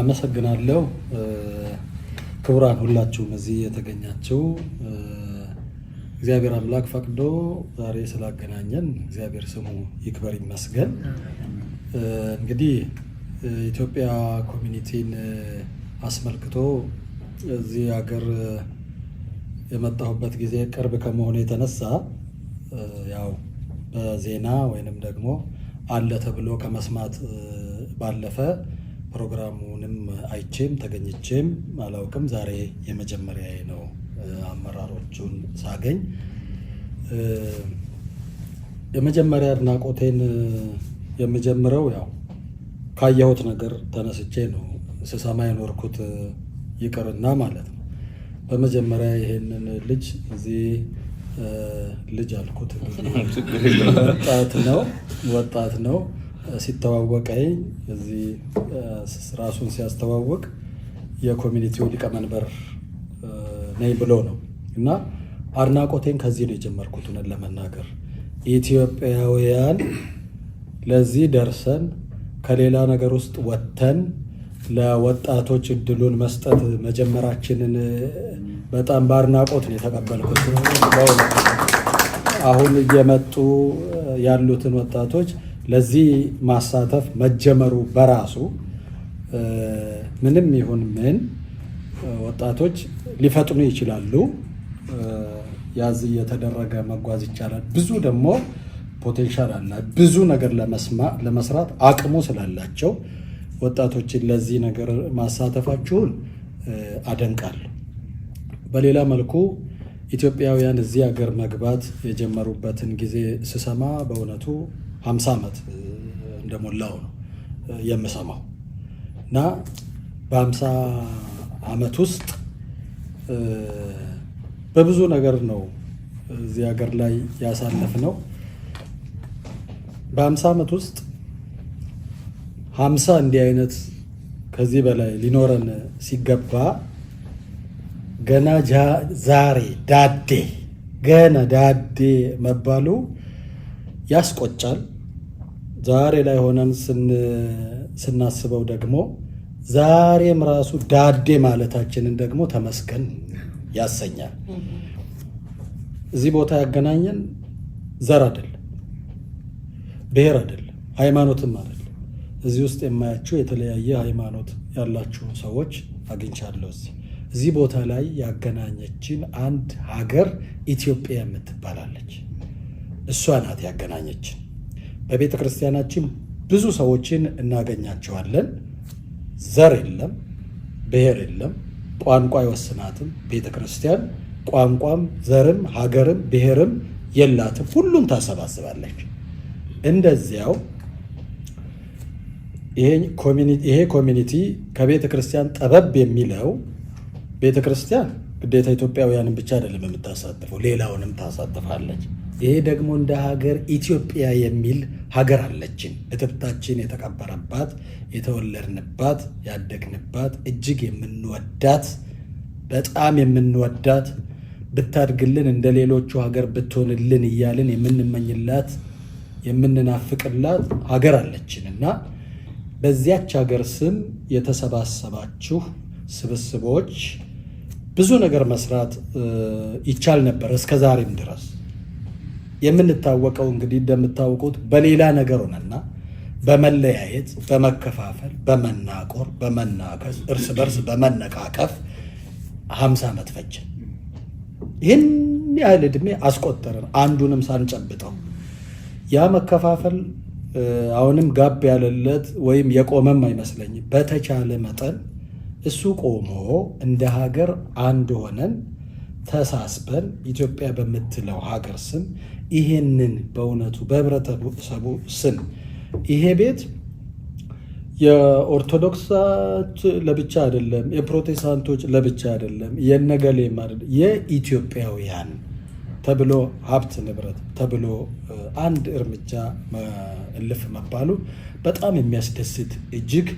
አመሰግናለሁ። ክቡራን ሁላችሁም እዚህ የተገኛችው እግዚአብሔር አምላክ ፈቅዶ ዛሬ ስላገናኘን እግዚአብሔር ስሙ ይክበር ይመስገን። እንግዲህ ኢትዮጵያ ኮሚኒቲን አስመልክቶ እዚህ ሀገር የመጣሁበት ጊዜ ቅርብ ከመሆኑ የተነሳ ያው በዜና ወይንም ደግሞ አለ ተብሎ ከመስማት ባለፈ ፕሮግራሙንም አይቼም ተገኝቼም አላውቅም። ዛሬ የመጀመሪያ ነው አመራሮቹን ሳገኝ። የመጀመሪያ አድናቆቴን የምጀምረው ያው ካየሁት ነገር ተነስቼ ነው ስሰማ የኖርኩት ይቅርና ማለት ነው። በመጀመሪያ ይሄንን ልጅ እዚህ ልጅ አልኩት፣ ወጣት ነው ወጣት ነው ሲተዋወቀ እዚህ ራሱን ሲያስተዋውቅ የኮሚኒቲው ሊቀመንበር ነኝ ብሎ ነው እና አድናቆቴን ከዚህ ነው የጀመርኩት። እውነት ለመናገር ኢትዮጵያውያን ለዚህ ደርሰን ከሌላ ነገር ውስጥ ወጥተን ለወጣቶች እድሉን መስጠት መጀመራችንን በጣም በአድናቆት ነው የተቀበልኩት። አሁን እየመጡ ያሉትን ወጣቶች ለዚህ ማሳተፍ መጀመሩ በራሱ ምንም ይሁን ምን ወጣቶች ሊፈጥኑ ይችላሉ። ያዝ እየተደረገ መጓዝ ይቻላል። ብዙ ደግሞ ፖቴንሻል አለ። ብዙ ነገር ለመስራት አቅሙ ስላላቸው ወጣቶችን ለዚህ ነገር ማሳተፋችሁን አደንቃል። በሌላ መልኩ ኢትዮጵያውያን እዚህ ሀገር መግባት የጀመሩበትን ጊዜ ስሰማ በእውነቱ 50 ዓመት እንደሞላው ነው የምሰማው እና በ50 ዓመት ውስጥ በብዙ ነገር ነው እዚህ ሀገር ላይ ያሳለፍ ነው። በ50 ዓመት ውስጥ 50 እንዲህ አይነት ከዚህ በላይ ሊኖረን ሲገባ ገና ዛሬ ዳዴ ገና ዳዴ መባሉ ያስቆጫል። ዛሬ ላይ ሆነን ስናስበው ደግሞ ዛሬም ራሱ ዳዴ ማለታችንን ደግሞ ተመስገን ያሰኛል። እዚህ ቦታ ያገናኘን ዘር አይደለም፣ ብሔር አይደለም፣ ሃይማኖትም አይደለም። እዚህ ውስጥ የማያችሁ የተለያየ ሃይማኖት ያላችሁ ሰዎች አግኝቻለሁ። እዚህ እዚህ ቦታ ላይ ያገናኘችን አንድ ሀገር ኢትዮጵያ የምትባላለች፣ እሷ ናት ያገናኘችን። በቤተ ክርስቲያናችን ብዙ ሰዎችን እናገኛቸዋለን። ዘር የለም፣ ብሔር የለም፣ ቋንቋ አይወስናትም። ቤተ ክርስቲያን ቋንቋም፣ ዘርም፣ ሀገርም፣ ብሔርም የላትም። ሁሉም ታሰባስባለች። እንደዚያው ይሄ ኮሚኒቲ ከቤተ ክርስቲያን ጠበብ የሚለው ቤተ ክርስቲያን ግዴታ ኢትዮጵያውያንን ብቻ አይደለም የምታሳትፈው፣ ሌላውንም ታሳትፋለች። ይሄ ደግሞ እንደ ሀገር ኢትዮጵያ የሚል ሀገር አለችን። እትብታችን የተቀበረባት የተወለድንባት ያደግንባት እጅግ የምንወዳት በጣም የምንወዳት ብታድግልን እንደ ሌሎቹ ሀገር ብትሆንልን እያልን የምንመኝላት የምንናፍቅላት ሀገር አለችን እና በዚያች ሀገር ስም የተሰባሰባችሁ ስብስቦች ብዙ ነገር መስራት ይቻል ነበር እስከ ዛሬም ድረስ የምንታወቀው እንግዲህ እንደምታውቁት በሌላ ነገር ሆነና በመለያየት፣ በመከፋፈል፣ በመናቆር፣ በመናከስ፣ እርስ በርስ በመነቃቀፍ ሀምሳ ዓመት ፈጀ። ይህን ያህል ዕድሜ አስቆጠረን አንዱንም ሳንጨብጠው። ያ መከፋፈል አሁንም ጋብ ያለለት ወይም የቆመም አይመስለኝም። በተቻለ መጠን እሱ ቆሞ እንደ ሀገር አንድ ሆነን ተሳስበን ኢትዮጵያ በምትለው ሀገር ስም ይሄንን በእውነቱ በህብረተሰቡ ስም ይሄ ቤት የኦርቶዶክሳት ለብቻ አይደለም፣ የፕሮቴስታንቶች ለብቻ አይደለም፣ የነገሌ የኢትዮጵያውያን ተብሎ ሀብት ንብረት ተብሎ አንድ እርምጃ እልፍ መባሉ በጣም የሚያስደስት እጅግ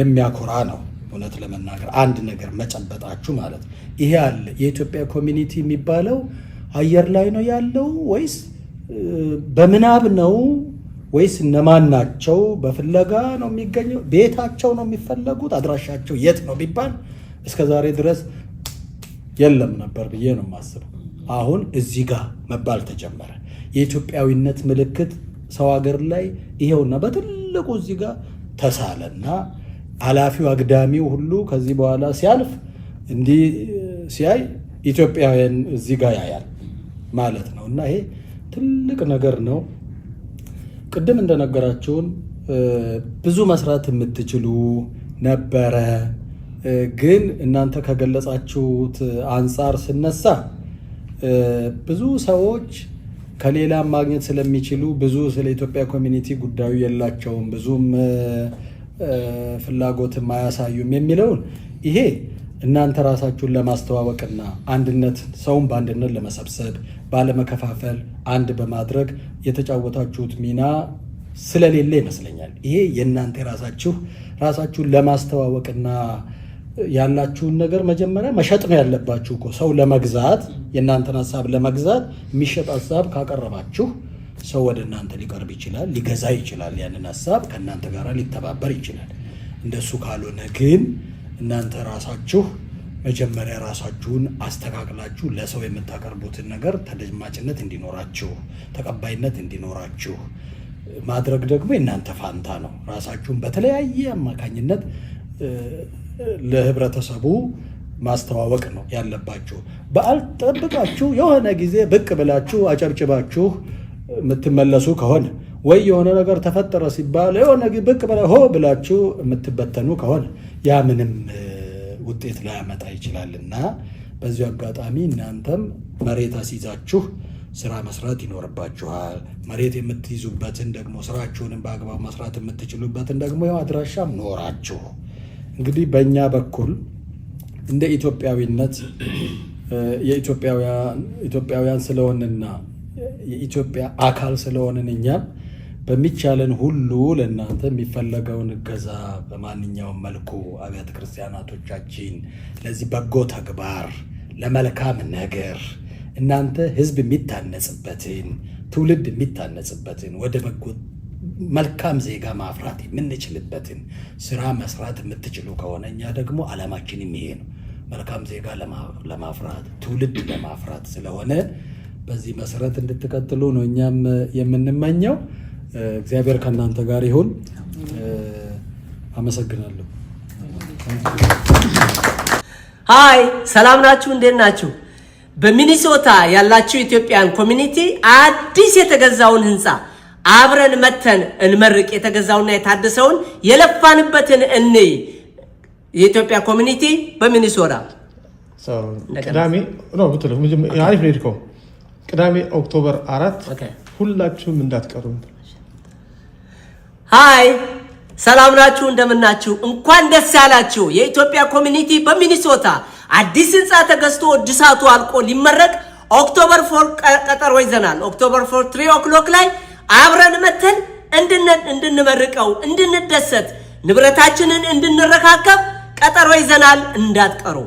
የሚያኮራ ነው። እውነት ለመናገር አንድ ነገር መጨበጣችሁ ማለት ነው። ይሄ አለ የኢትዮጵያ ኮሚኒቲ የሚባለው አየር ላይ ነው ያለው ወይስ በምናብ ነው ወይስ እነማን ናቸው? በፍለጋ ነው የሚገኘው? ቤታቸው ነው የሚፈለጉት? አድራሻቸው የት ነው ቢባል እስከ ዛሬ ድረስ የለም ነበር ብዬ ነው የማስበው። አሁን እዚህ ጋር መባል ተጀመረ። የኢትዮጵያዊነት ምልክት ሰው ሀገር ላይ ይሄውና በትልቁ እዚህ ጋር ተሳለና አላፊው አግዳሚው ሁሉ ከዚህ በኋላ ሲያልፍ እንዲህ ሲያይ ኢትዮጵያውያን እዚህ ጋር ያያል ማለት ነው እና ይሄ ትልቅ ነገር ነው። ቅድም እንደነገራችሁን ብዙ መስራት የምትችሉ ነበረ፣ ግን እናንተ ከገለጻችሁት አንጻር ስነሳ ብዙ ሰዎች ከሌላም ማግኘት ስለሚችሉ ብዙ ስለ ኢትዮጵያ ኮሚኒቲ ጉዳዩ የላቸውም ብዙም ፍላጎትም አያሳዩም የሚለውን ይሄ እናንተ ራሳችሁን ለማስተዋወቅና አንድነት ሰውን በአንድነት ለመሰብሰብ ባለመከፋፈል አንድ በማድረግ የተጫወታችሁት ሚና ስለሌለ ይመስለኛል። ይሄ የእናንተ ራሳችሁ ራሳችሁን ለማስተዋወቅና ያላችሁን ነገር መጀመሪያ መሸጥ ነው ያለባችሁ እኮ ሰው ለመግዛት የእናንተን ሀሳብ ለመግዛት የሚሸጥ ሀሳብ ካቀረባችሁ ሰው ወደ እናንተ ሊቀርብ ይችላል፣ ሊገዛ ይችላል፣ ያንን ሀሳብ ከእናንተ ጋር ሊተባበር ይችላል። እንደሱ ካልሆነ ግን እናንተ ራሳችሁ መጀመሪያ ራሳችሁን አስተካክላችሁ ለሰው የምታቀርቡትን ነገር ተደማጭነት እንዲኖራችሁ ተቀባይነት እንዲኖራችሁ ማድረግ ደግሞ የእናንተ ፋንታ ነው። ራሳችሁን በተለያየ አማካኝነት ለህብረተሰቡ ማስተዋወቅ ነው ያለባችሁ። በዓል ጠብቃችሁ የሆነ ጊዜ ብቅ ብላችሁ አጨብጭባችሁ የምትመለሱ ከሆነ ወይ የሆነ ነገር ተፈጠረ ሲባል የሆነ ብቅ ብለህ ሆ ብላችሁ የምትበተኑ ከሆነ ያ ምንም ውጤት ላያመጣ ይችላልና በዚሁ አጋጣሚ እናንተም መሬት አስይዛችሁ ስራ መስራት ይኖርባችኋል። መሬት የምትይዙበትን ደግሞ ስራችሁንም በአግባብ መስራት የምትችሉበትን ደግሞ ያው አድራሻም ኖራችሁ እንግዲህ በእኛ በኩል እንደ ኢትዮጵያዊነት የኢትዮጵያውያን ስለሆንና የኢትዮጵያ አካል ስለሆንን እኛም በሚቻለን ሁሉ ለእናንተ የሚፈለገውን እገዛ በማንኛውም መልኩ አብያተ ክርስቲያናቶቻችን ለዚህ በጎ ተግባር ለመልካም ነገር እናንተ ህዝብ የሚታነጽበትን ትውልድ የሚታነጽበትን ወደ በጎ መልካም ዜጋ ማፍራት የምንችልበትን ስራ መስራት የምትችሉ ከሆነ እኛ ደግሞ ዓላማችን ይሄ ነው። መልካም ዜጋ ለማፍራት ትውልድ ለማፍራት ስለሆነ በዚህ መሰረት እንድትቀጥሉ ነው እኛም የምንመኘው። እግዚአብሔር ከእናንተ ጋር ይሁን። አመሰግናለሁ። ሀይ ሰላም ናችሁ? እንዴት ናችሁ? በሚኒሶታ ያላችሁ ኢትዮጵያን ኮሚኒቲ አዲስ የተገዛውን ህንፃ አብረን መተን እንመርቅ። የተገዛውና የታደሰውን የለፋንበትን እንይ። የኢትዮጵያ ኮሚኒቲ በሚኒሶታ ቅዳሜ ነው። አሪፍ ነው። ቅዳሜ ኦክቶበር አራት ሁላችሁም እንዳትቀሩ። ሀይ ሰላም ናችሁ? እንደምናችሁ? እንኳን ደስ ያላችሁ። የኢትዮጵያ ኮሚኒቲ በሚኒሶታ አዲስ ህንፃ ተገዝቶ እድሳቱ አልቆ ሊመረቅ ኦክቶበር ፎር ቀጠሮ ይዘናል። ኦክቶበር ፎር ትሪ ኦክሎክ ላይ አብረን መተን እንድንመርቀው እንድንደሰት ንብረታችንን እንድንረካከብ ቀጠሮ ይዘናል። እንዳትቀሩ።